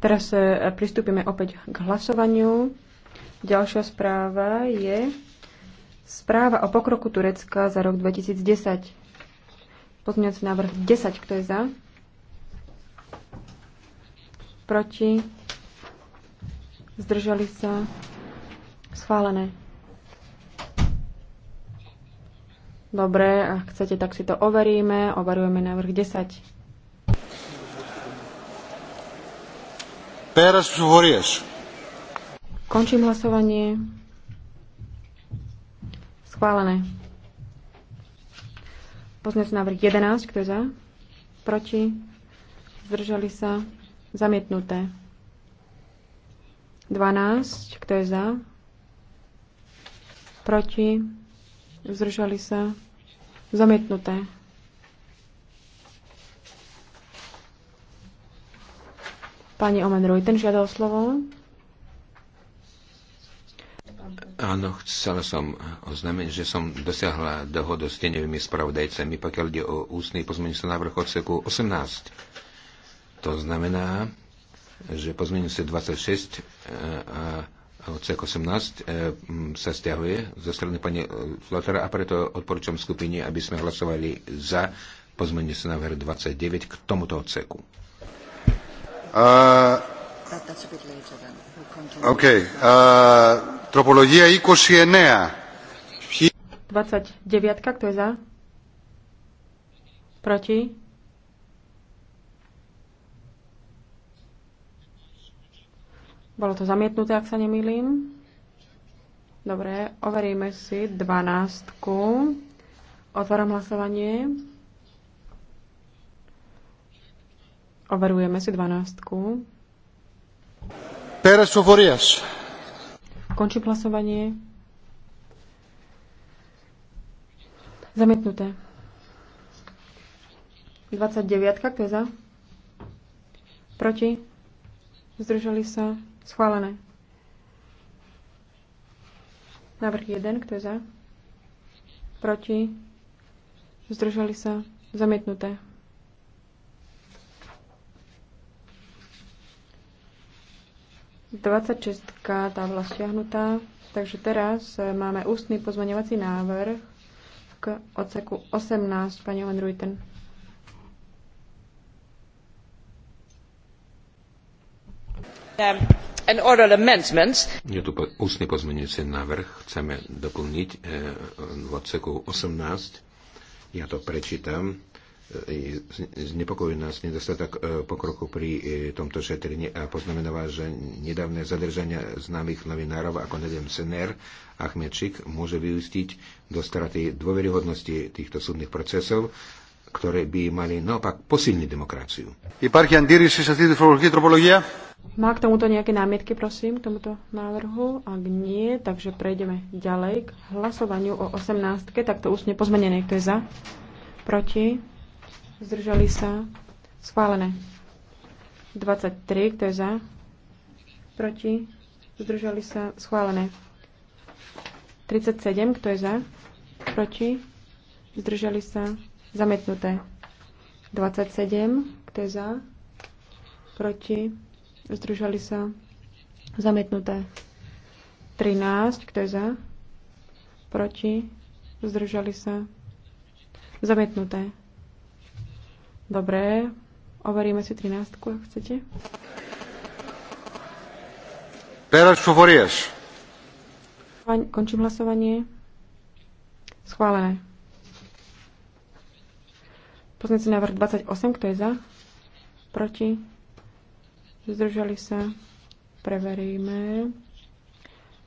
Teraz pristúpime opäť k hlasovaniu. Ďalšia správa je správa o pokroku Turecka za rok 2010. Pozmeňujúci návrh 10, kto je za? Proti? Zdržali sa? Schválené. Dobre, ak chcete, tak si to overíme. Overujeme návrh 10. Péras Horieš. Končím hlasovanie. Schválené. Pozmeňujúci návrh 11, kto je za? Proti? Zdržali sa? Zamietnuté. 12, kto je za? Proti? Zdržali sa. Zamietnuté. Pani Omen Rujten žiadal slovo. Áno, chcela som oznámiť, že som dosiahla dohodu s tenevými spravodajcami, pokiaľ ide o ústny pozmeňujúci návrh odseku 18. To znamená, že pozmeňujúce 26 a ck 18 e, sa stiahuje zo strany pani e, Flotera a preto odporúčam skupine, aby sme hlasovali za pozmenie sa návrh 29 k tomuto odseku. Uh, OK. Uh, tropologia 29. 29. Kto je za? Proti? Bolo to zamietnuté, ak sa nemýlim. Dobre, overíme si 12. Otváram hlasovanie. Overujeme si 12. Pérez Forias. Končím hlasovanie. Zamietnuté. 29. Kto je za? Proti? Zdržali sa? Schválené. Návrh 1, kto je za? Proti? Zdržali sa? Zamietnuté. Dvadsaťšestka tá bola stiahnutá, takže teraz eh, máme ústny pozmaňovací návrh k odseku 18, pani Van Ruiten. Yeah. Je tu ústny pozmeňujúci návrh, chceme doplniť e, v odseku 18. Ja to prečítam. E, znepokojuje nás nedostatok e, pokroku pri tomto šetrení a poznamenáva, že nedávne zadržania známych novinárov ako Nedem Sener a Chmečik môže vyústiť do straty dôveryhodnosti týchto súdnych procesov ktoré by mali naopak posilniť demokraciu. Má k tomuto nejaké námietky, prosím, k tomuto návrhu? Ak nie, takže prejdeme ďalej k hlasovaniu o 18. tak to ústne pozmenené. Kto je za? Proti? Zdržali sa? Schválené. 23. Kto je za? Proti? Zdržali sa? Schválené. 37. Kto je za? Proti? Zdržali sa? zametnuté. 27. Kto je za? Proti? Združali sa? Zametnuté. 13. Kto je za? Proti? Zdržali sa? Zametnuté. Dobre. Overíme si 13, ak chcete. čo Favorieš. Končím hlasovanie. Schválené. Pozmeňujúci návrh 28, kto je za? Proti? Zdržali sa? Preveríme.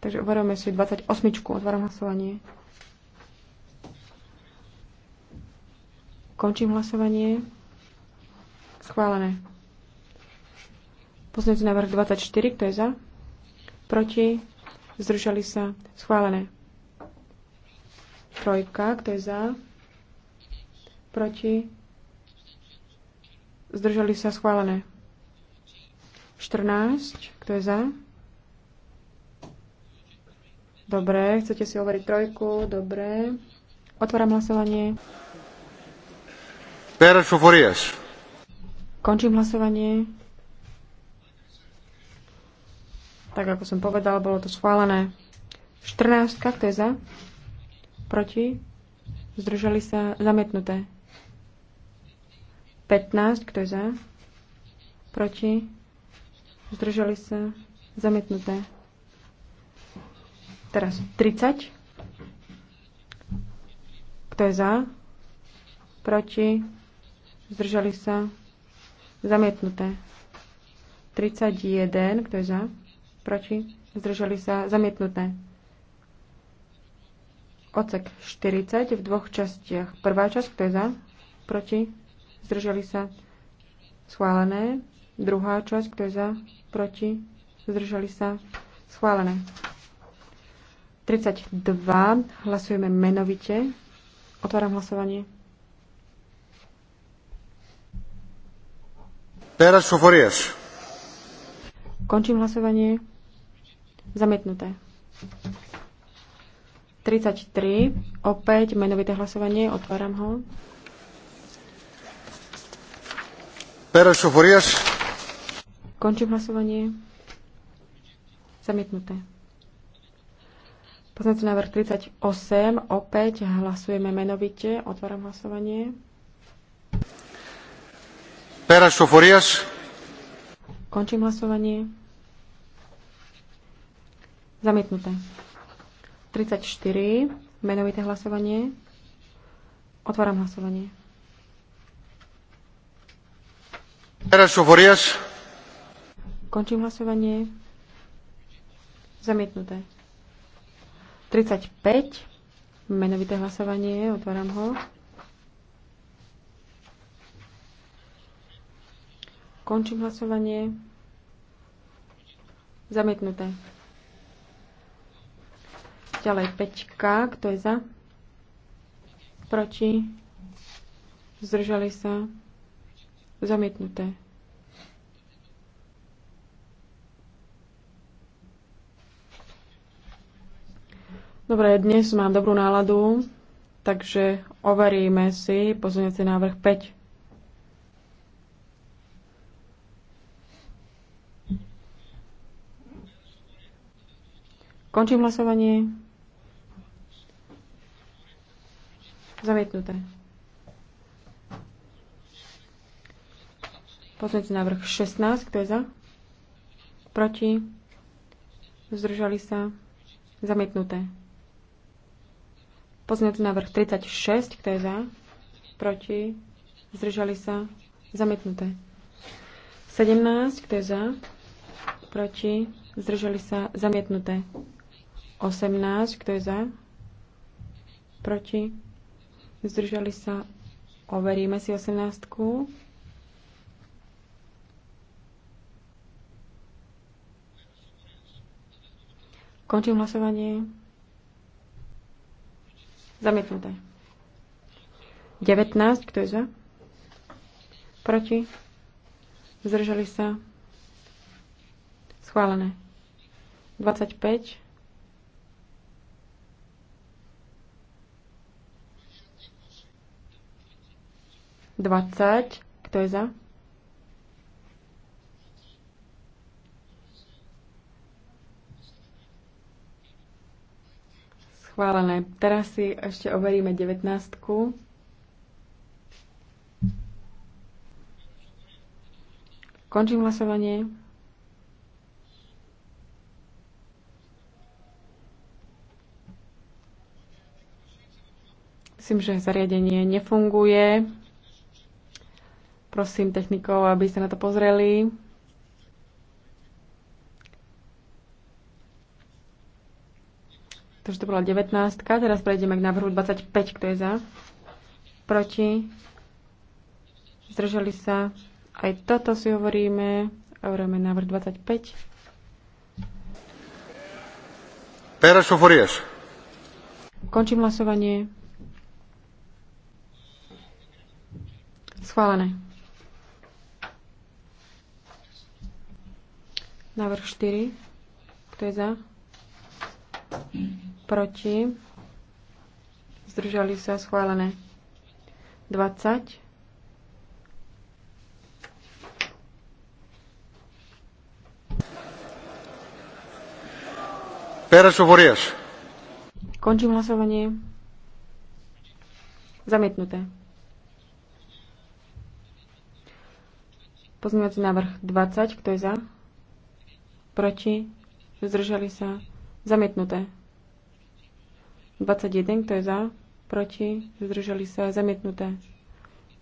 Takže uvarujeme si 28. Otváram hlasovanie. Končím hlasovanie. Schválené. Pozmeňujúci návrh 24, kto je za? Proti? Zdržali sa? Schválené. Trojka, kto je za? Proti? Zdržali sa schválené. 14. Kto je za? Dobre, chcete si overiť trojku? Dobre. Otváram hlasovanie. Pérez Foforias. Končím hlasovanie. Tak ako som povedal, bolo to schválené. 14. Kto je za? Proti? Zdržali sa? zametnuté. 15, kto je za? Proti? Zdržali sa? Zamietnuté. Teraz 30. Kto je za? Proti? Zdržali sa? Zamietnuté. 31. Kto je za? Proti? Zdržali sa? Zamietnuté. Ocek 40 v dvoch častiach. Prvá časť, kto je za? Proti? zdržali sa schválené. Druhá časť, kto je za, proti, zdržali sa schválené. 32, hlasujeme menovite. Otváram hlasovanie. Teraz Soforias. Končím hlasovanie. Zamietnuté. 33. Opäť menovité hlasovanie. Otváram ho. Končím hlasovanie. Zamietnuté. Poznací návrh 38. Opäť hlasujeme menovite. Otváram hlasovanie. Peraš Forias. Končím hlasovanie. Zamietnuté. 34. Menovité hlasovanie. Otváram hlasovanie. Končím hlasovanie. Zamietnuté. 35. Menovité hlasovanie. Otváram ho. Končím hlasovanie. Zamietnuté. Ďalej 5. Kto je za? Proti? Zdržali sa? Zamietnuté. Dobre, dnes mám dobrú náladu, takže overíme si pozornosť návrh 5. Končím hlasovanie. Zamietnuté. Pozrite návrh 16. Kto je za? Proti? Zdržali sa? Zamietnuté. Pozmeňujúci návrh 36, kto je za? Proti? Zdržali sa? Zamietnuté. 17, kto je za? Proti? Zdržali sa? Zamietnuté. 18, kto je za? Proti? Zdržali sa? Overíme si 18. -ku. Končím hlasovanie. Zamietnuté. 19, kto je za? Proti? Zdržali sa? Schválené. 25. Dvadsať. Kto je za? Schválené. Teraz si ešte overíme 19. Končím hlasovanie. Myslím, že zariadenie nefunguje. Prosím technikov, aby ste na to pozreli. Takže to bola 19. Teraz prejdeme k návrhu 25. Kto je za? Proti? Zdržali sa? Aj toto si hovoríme. Hovoríme návrh 25. Pera Šoforieš. Končím hlasovanie. Schválené. Návrh 4. Kto je za? Mm-hmm proti, zdržali sa schválené 20, Končím hlasovanie. Zamietnuté. Pozmeňovací návrh 20. Kto je za? Proti? Zdržali sa? Zamietnuté. 21, kto je za, proti, zdržali sa, zamietnuté.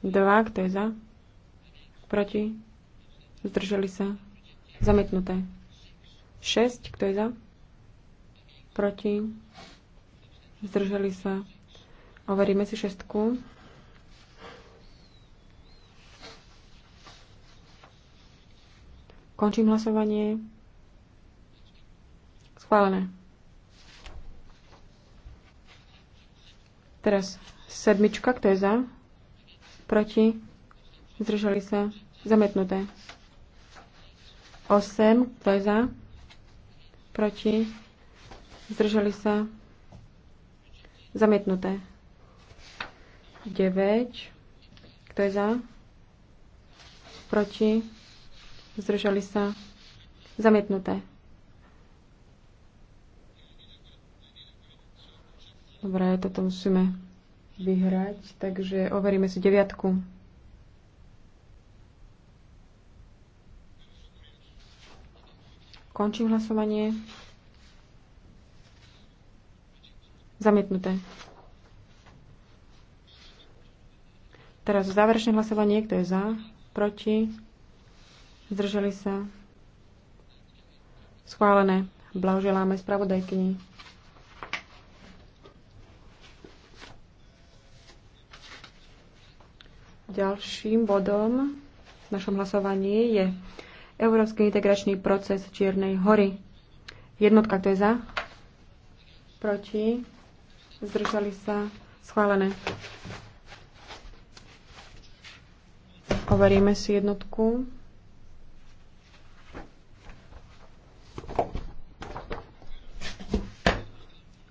2, kto je za, proti, zdržali sa, zamietnuté. 6, kto je za, proti, zdržali sa. Overíme si šestku. Končím hlasovanie. Schválené. Teraz sedmička, kto je za? Proti? Zdržali sa? Zametnuté. Osem, kto je za? Proti? Zdržali sa? Zametnuté. 9. Kto je za? Proti? Zdržali sa? Zametnuté. Dobre, toto musíme vyhrať, takže overíme si deviatku. Končím hlasovanie. Zamietnuté. Teraz záverečné hlasovanie. Kto je za? Proti? Zdržali sa? Schválené. Blahoželáme spravodajkyni. Ďalším bodom v našom hlasovaní je Európsky integračný proces Čiernej hory. Jednotka, kto je za? Proti? Zdržali sa? Schválené. Overíme si jednotku.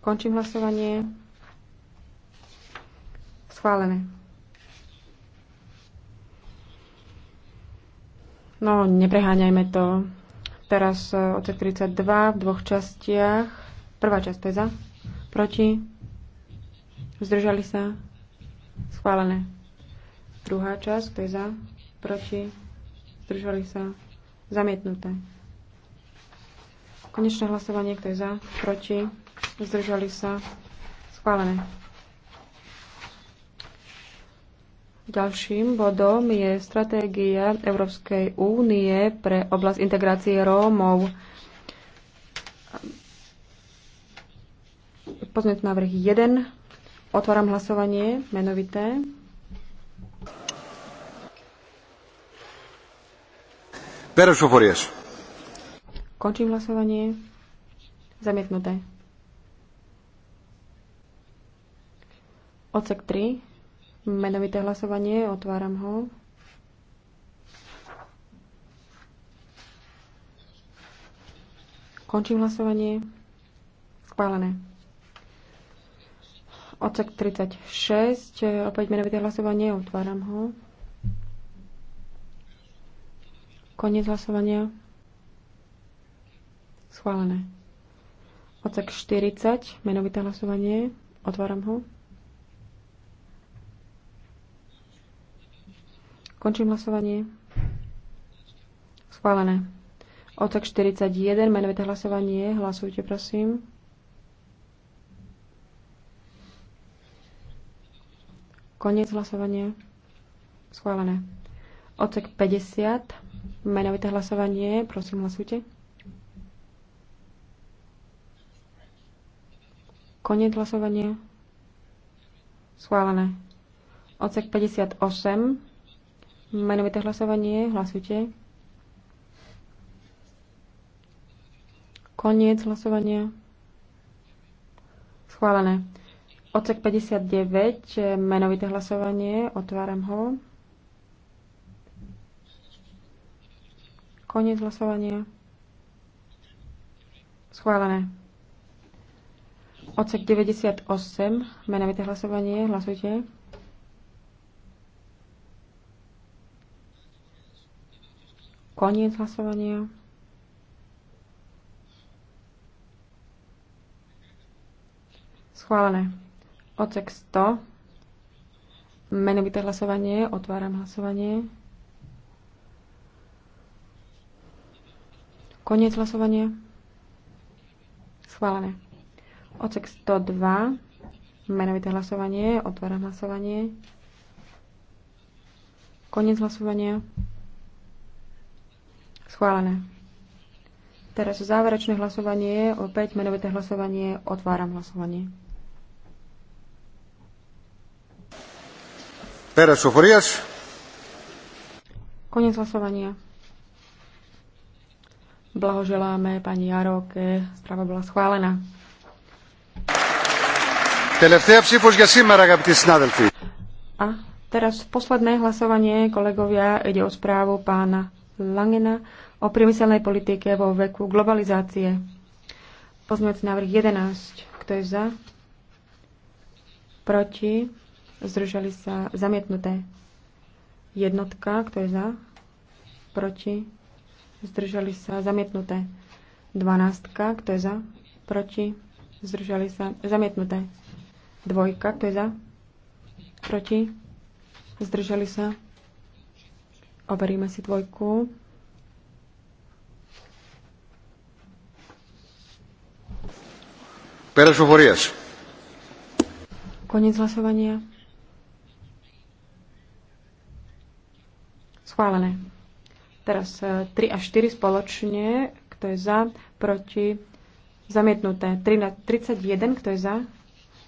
Končím hlasovanie. Schválené. No, nepreháňajme to. Teraz e, odsek 32 v dvoch častiach. Prvá časť je za, proti, zdržali sa, schválené. Druhá časť to je za, proti, zdržali sa, zamietnuté. Konečné hlasovanie, kto je za, proti, zdržali sa, schválené. Ďalším bodom je stratégia Európskej únie pre oblasť integrácie Rómov. Pozmeňte návrh 1. Otváram hlasovanie menovité. Končím hlasovanie. Zamietnuté. Odsek 3. Menovité hlasovanie, otváram ho. Končím hlasovanie. Schválené. Odsek 36, opäť menovité hlasovanie, otváram ho. Koniec hlasovania. Schválené. Odsek 40, menovité hlasovanie, otváram ho. Končím hlasovanie. Schválené. Odsek 41, menovité hlasovanie. Hlasujte, prosím. Koniec hlasovania. Schválené. Odsek 50, menovité hlasovanie. Prosím, hlasujte. Koniec hlasovania. Schválené. Odsek 58, Menovité hlasovanie. Hlasujte. Koniec hlasovania. Schválené. Odsek 59, menovité hlasovanie, otváram ho. Koniec hlasovania. Schválené. Odsek 98, menovité hlasovanie, hlasujte. Koniec hlasovania. Schválené. Ocek 100. Menovité hlasovanie. Otváram hlasovanie. Koniec hlasovania. Schválené. Ocek 102. Menovité hlasovanie. Otváram hlasovanie. Koniec hlasovania. Schválené. Teraz záverečné hlasovanie, opäť menovité hlasovanie, otváram hlasovanie. Teraz Soforias. Konec hlasovania. Blahoželáme pani Jaroke, správa bola schválená. Τελευταία ψήφος για σήμερα, αγαπητοί συνάδελφοι. A teraz posledné hlasovanie, kolegovia, ide o správu pána Langena o priemyselnej politike vo veku globalizácie. Pozmeňujúci návrh 11. Kto je za? Proti? Zdržali sa zamietnuté. Jednotka. Kto je za? Proti? Zdržali sa zamietnuté. Dvanáctka. Kto je za? Proti? Zdržali sa zamietnuté. Dvojka. Kto je za? Proti? Zdržali sa Overíme si dvojku. Pérez Foforias. Koniec hlasovania. Schválené. Teraz 3 eh, a 4 spoločne. Kto je za? Proti? Zamietnuté. 3 na 31. Kto je za?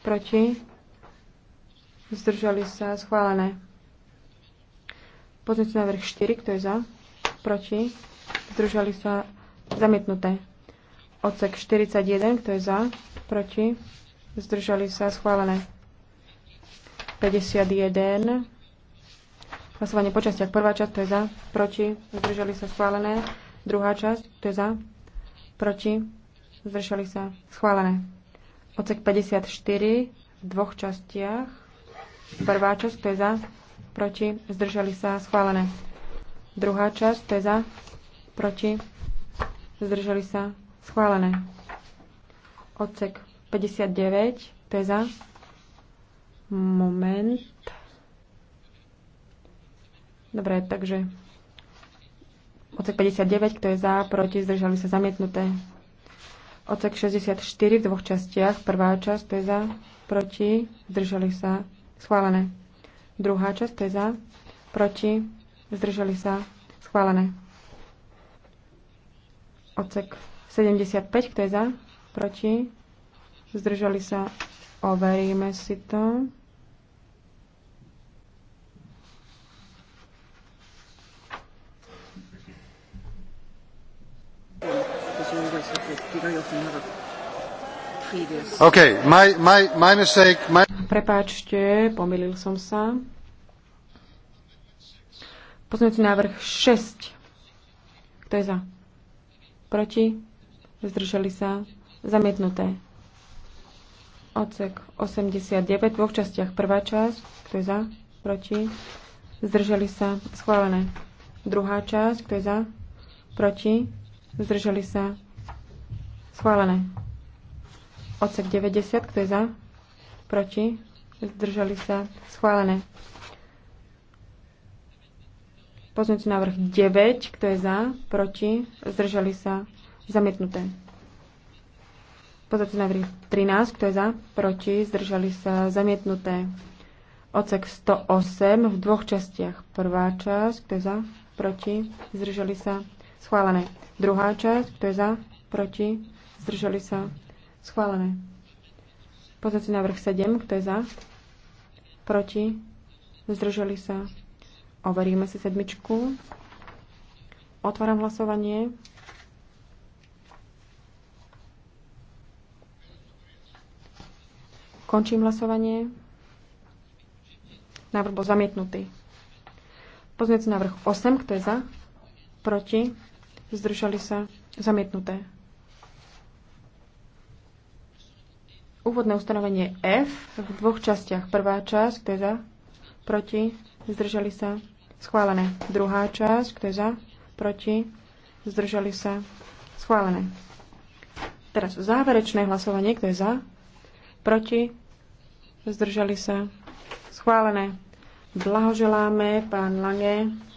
Proti? Zdržali sa. Schválené na návrh 4, kto je za? Proti? Zdržali sa zamietnuté. Odsek 41, kto je za? Proti? Zdržali sa schválené. 51. Hlasovanie po častiach. Prvá časť, to je za? Proti? Zdržali sa schválené. Druhá časť, kto je za? Proti? Zdržali sa schválené. Odsek 54 v dvoch častiach. Prvá časť, to je za? proti, zdržali sa, schválené. Druhá časť, Teza. je za, proti, zdržali sa, schválené. Odsek 59, to je za, moment. Dobre, takže odsek 59, kto je za, proti, zdržali sa, zamietnuté. Odsek 64 v dvoch častiach, prvá časť, kto je za, proti, zdržali sa, schválené. Druhá časť, je za, proti, zdržali sa, schválené. Odsek 75, kto je za, proti, zdržali sa, overíme si to. Okay, my, my, my mistake, my prepáčte, pomýlil som sa. Pozmeňujúci návrh 6. Kto je za? Proti? Zdržali sa? Zamietnuté. Ocek 89 v dvoch častiach. Prvá časť. Kto je za? Proti? Zdržali sa? Schválené. Druhá časť. Kto je za? Proti? Zdržali sa? Schválené. Ocek 90. Kto je za? proti, zdržali sa, schválené. Pozmeňujúci návrh 9, kto je za, proti, zdržali sa, zamietnuté. Pozmeňujúci návrh 13, kto je za, proti, zdržali sa, zamietnuté. Ocek 108 v dvoch častiach. Prvá časť, kto je za, proti, zdržali sa, schválené. Druhá časť, kto je za, proti, zdržali sa, schválené. Pozrite vrch 7, kto je za? Proti? Zdržali sa? Overíme si sedmičku. Otváram hlasovanie. Končím hlasovanie. Návrh bol zamietnutý. Pozmeňujúci návrh 8, kto je za? Proti? Zdržali sa? Zamietnuté. Úvodné ustanovenie F v dvoch častiach. Prvá časť, kto je za, proti, zdržali sa, schválené. Druhá časť, kto je za, proti, zdržali sa, schválené. Teraz záverečné hlasovanie, kto je za, proti, zdržali sa, schválené. Blahoželáme, pán Lange.